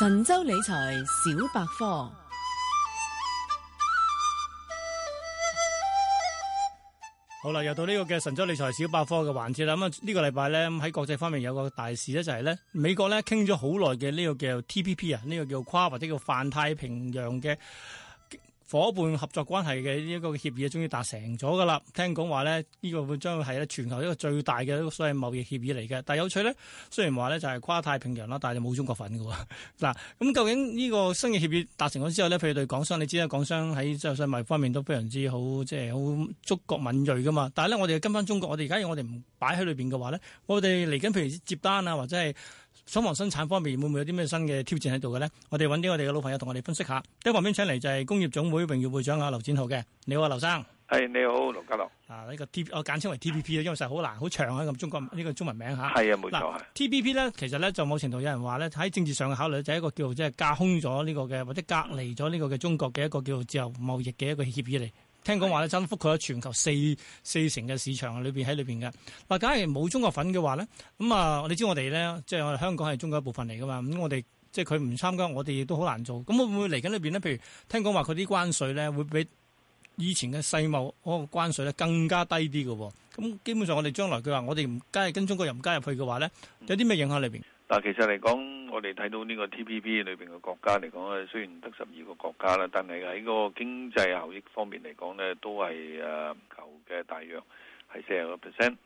神州理財小百科，好啦，又到呢個嘅神州理財小百科嘅環節啦。咁、嗯、啊，這個、禮呢個禮拜咧，喺國際方面有個大事咧，就係、是、咧，美國咧傾咗好耐嘅呢個叫 TPP 啊，呢個叫跨或者叫泛太平洋嘅。伙伴合作關係嘅一個協議，終於達成咗噶啦！聽講話咧，呢個會將會係咧全球一個最大嘅一個所謂貿易協議嚟嘅。但係有趣咧，雖然話咧就係跨太平洋啦，但係冇中國份嘅喎。嗱、啊，咁、嗯、究竟呢個新嘅協議達成咗之後咧，譬如對港商，你知啦，港商喺製造物方面都非常之好，即係好觸覺敏鋭噶嘛。但係咧，我哋跟翻中國，我哋而家如果我哋唔擺喺裏邊嘅話咧，我哋嚟緊譬如接單啊，或者係。廠房生產方面會唔會有啲咩新嘅挑戰喺度嘅咧？我哋揾啲我哋嘅老朋友同我哋分析一下。喺旁邊請嚟就係工業總會榮譽會長啊劉展灝嘅。你好啊，劉生。係你好，盧家樂。啊呢、這個 T 我簡稱為 TPP 啦，因為實好難好長啊咁。這個、中國呢、這個中文名吓。係啊，冇錯啊，啊。TPP 咧，其實咧就某程度有人話咧喺政治上嘅考慮就係一個叫即係架空咗呢個嘅或者隔離咗呢個嘅中國嘅一個叫做自由貿易嘅一個協議嚟。聽講話咧，增幅佢喺全球四四成嘅市場裏邊喺裏邊嘅嗱。假如冇中國粉嘅話咧，咁、嗯、啊，我哋知我哋咧，即係我哋香港係中國一部分嚟噶嘛。咁我哋即係佢唔參加，我哋亦都好難做。咁會唔會嚟緊裏邊咧？譬如聽講話佢啲關稅咧會比以前嘅世貿個關稅咧更加低啲嘅。咁基本上我哋將來佢話我哋唔加，跟中國人加入去嘅話咧，有啲咩影響裏邊？嗱，其實嚟講。我哋睇到呢個 TPP 裏邊嘅國家嚟講，啊雖然得十二個國家啦，但係喺個經濟效益方面嚟講咧，都係誒求嘅大約係四十個 percent。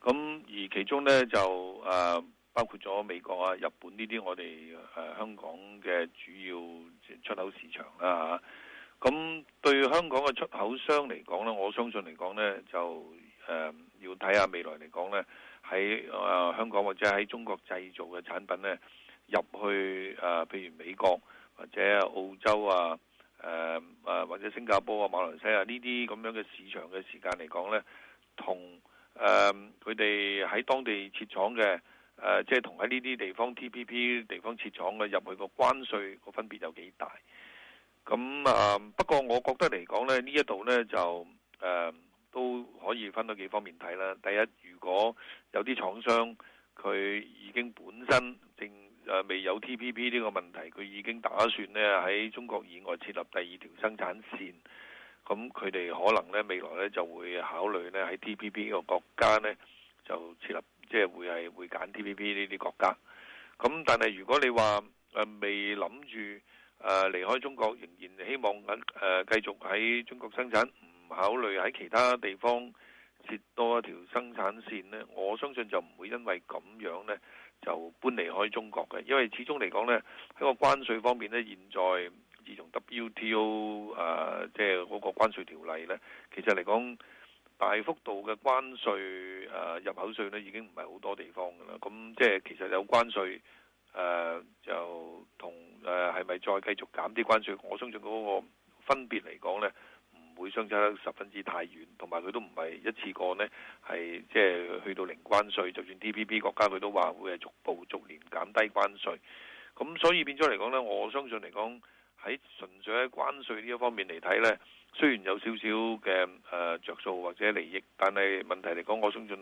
咁而其中呢，就誒包括咗美國啊、日本呢啲，我哋誒香港嘅主要出口市場啦嚇。咁對香港嘅出口商嚟講咧，我相信嚟講呢，就誒要睇下未來嚟講呢，喺誒香港或者喺中國製造嘅產品呢，入去誒，譬如美國或者澳洲啊，誒誒或者新加坡啊、馬來西亞呢啲咁樣嘅市場嘅時間嚟講咧，同誒佢哋喺當地設廠嘅誒，即係同喺呢啲地方 TPP 地方設廠嘅入去個關稅個分別有幾大？咁啊，不過我覺得嚟講咧，呢一度咧就誒都可以分到幾方面睇啦。第一，如果有啲廠商佢已經本身正誒未有 TPP 呢個問題，佢已經打算呢喺中國以外設立第二條生產線。咁佢哋可能呢未來呢就會考慮呢喺 TPP 呢個國家呢就設立，即係會係會揀 TPP 呢啲國家。咁但係如果你話誒、啊、未諗住誒離開中國，仍然希望緊誒繼續喺中國生產，唔考慮喺其他地方。設多一條生產線呢，我相信就唔會因為咁樣呢就搬離開中國嘅，因為始終嚟講呢，喺個關稅方面呢，現在自從 WTO 啊、呃，即係嗰個關稅條例呢，其實嚟講大幅度嘅關稅誒、呃，入口稅呢已經唔係好多地方噶啦，咁即係其實有關稅誒、呃，就同誒係咪再繼續減啲關稅？我相信嗰個分別嚟講呢，會相差十分之太遠，同埋佢都唔係一次過呢，係即係去到零關稅。就算 TPP 國家，佢都話會係逐步逐年減低關稅。咁所以變咗嚟講呢，我相信嚟講喺純粹喺關稅呢一方面嚟睇呢，雖然有少少嘅誒着數或者利益，但係問題嚟講，我相信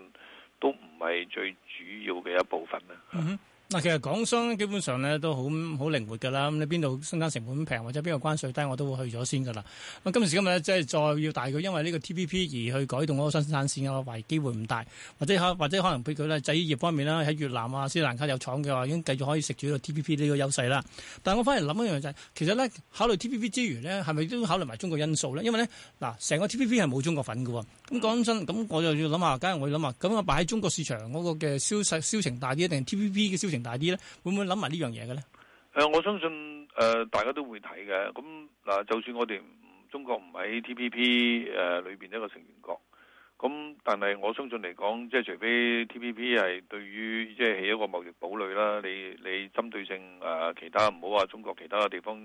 都唔係最主要嘅一部分啦。嗱，其實港商基本上咧都好好靈活噶啦。咁你邊度生產成本平或者邊度關稅低，我都會去咗先噶啦。咁今時今日咧，即係再要大佢，因為呢個 T P P 而去改動嗰個生產線嘅話，機會唔大。或者嚇，或者可能譬如佢咧製衣業方面啦，喺越南啊、斯蘭卡有廠嘅話，已經繼續可以食住呢個 T P P 呢個優勢啦。但係我反而諗一樣就係、是，其實咧考慮 T P P 之餘呢，係咪都考慮埋中國因素呢？因為呢，嗱，成個 T P P 係冇中國份嘅喎。咁講真，咁我就要諗下，梗係會諗下，咁我擺喺中國市場嗰、那個嘅銷售銷情大啲，定係 T P P 嘅銷情？大啲咧，會唔會諗埋呢樣嘢嘅咧？誒，我相信誒、呃，大家都會睇嘅。咁嗱、啊，就算我哋中國唔喺 TPP、呃、誒裏邊一個成員國。咁，但係我相信嚟講，即係除非 TPP 係對於即係起一個貿易堡壘啦。你你針對性誒，其他唔好話中國其他嘅地方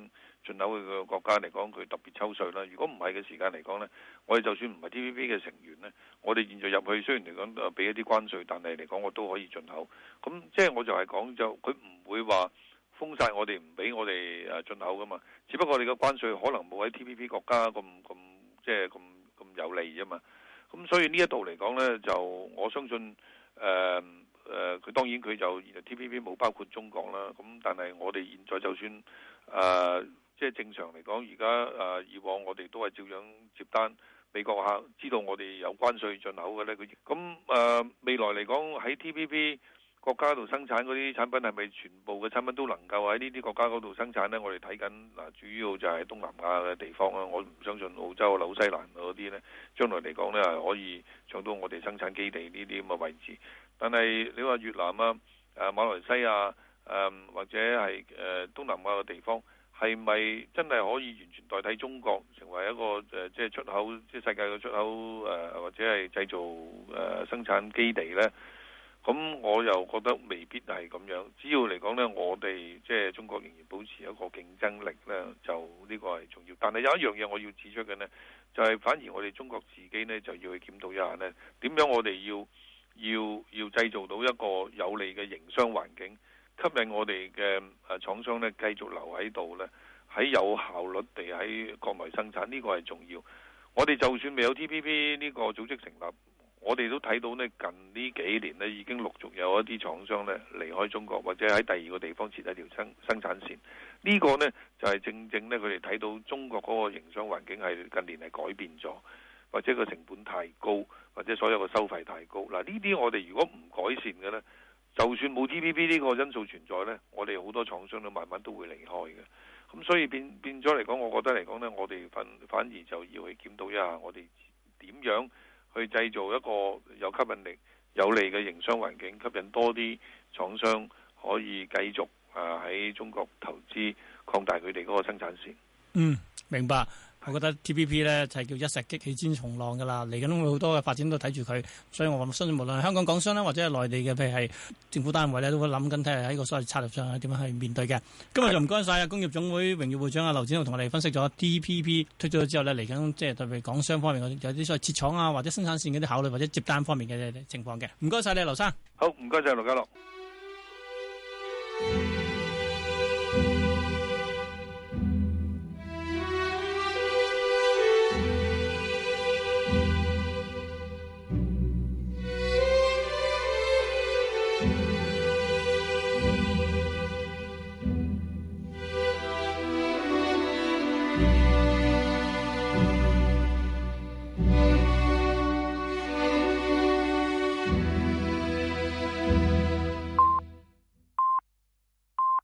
進口嘅國家嚟講，佢特別抽稅啦。如果唔係嘅時間嚟講呢，我哋就算唔係 TPP 嘅成員呢，我哋現在入去雖然嚟講誒俾一啲關稅，但係嚟講我都可以進口。咁即係我就係講就佢唔會話封殺我哋，唔俾我哋誒進口噶嘛。只不過你嘅關稅可能冇喺 TPP 國家咁咁即係咁咁有利啫嘛。咁所以呢一度嚟講呢，就我相信誒誒，佢、呃呃、當然佢就 T P P 冇包括中國啦。咁但係我哋現在就算誒、呃，即係正常嚟講，而家誒以往我哋都係照樣接單美國客，知道我哋有關稅進口嘅呢。佢咁誒未來嚟講喺 T P P 國家度生產嗰啲產品係咪全部嘅產品都能夠喺呢啲國家嗰度生產呢？我哋睇緊嗱，主要就係東南亞嘅地方啦。我唔相信澳洲、紐西蘭嗰啲呢，將來嚟講呢，係可以搶到我哋生產基地呢啲咁嘅位置。但係你話越南啊、誒馬來西亞誒、嗯、或者係誒東南亞嘅地方，係咪真係可以完全代替中國成為一個誒、呃、即係出口即係世界嘅出口誒、呃、或者係製造誒、呃、生產基地呢？咁我又覺得未必係咁樣，只要嚟講呢，我哋即係中國仍然保持一個競爭力呢，就呢個係重要。但係有一樣嘢我要指出嘅呢，就係反而我哋中國自己呢，就要去檢討一下呢，點樣我哋要要要製造到一個有利嘅營商環境，吸引我哋嘅誒廠商呢繼續留喺度呢，喺有效率地喺國內生產，呢個係重要。我哋就算未有 TPP 呢個組織成立。我哋都睇到呢近呢幾年呢已經陸續有一啲廠商呢離開中國，或者喺第二個地方設一條生生產線。呢個呢就係正正呢，佢哋睇到中國嗰個營商環境係近年係改變咗，或者個成本太高，或者所有個收費太高。嗱，呢啲我哋如果唔改善嘅呢，就算冇 TPP 呢個因素存在呢，我哋好多廠商都慢慢都會離開嘅。咁所以變變咗嚟講，我覺得嚟講呢，我哋反反而就要去檢討一下我哋點樣，去製造一個有吸引力、有利嘅營商環境，吸引多啲廠商可以繼續啊喺中國投資，擴大佢哋嗰個生產線。嗯，明白。我覺得 T P P 咧，就係、是、叫一石激起千重浪噶啦，嚟緊會好多嘅發展都睇住佢，所以我相信無論無論係香港港商啦，或者係內地嘅，譬如係政府單位咧，都會諗緊睇下喺個所謂策略上係點樣去面對嘅。今日就唔該晒工業總會榮譽會長阿劉展灝，同我哋分析咗 T P P 推咗之後咧，嚟緊，即係特別港商方面嗰啲有啲所謂設廠啊，或者生產線嗰啲考慮，或者接單方面嘅情況嘅。唔該晒你，劉生。好，唔該晒盧家樂。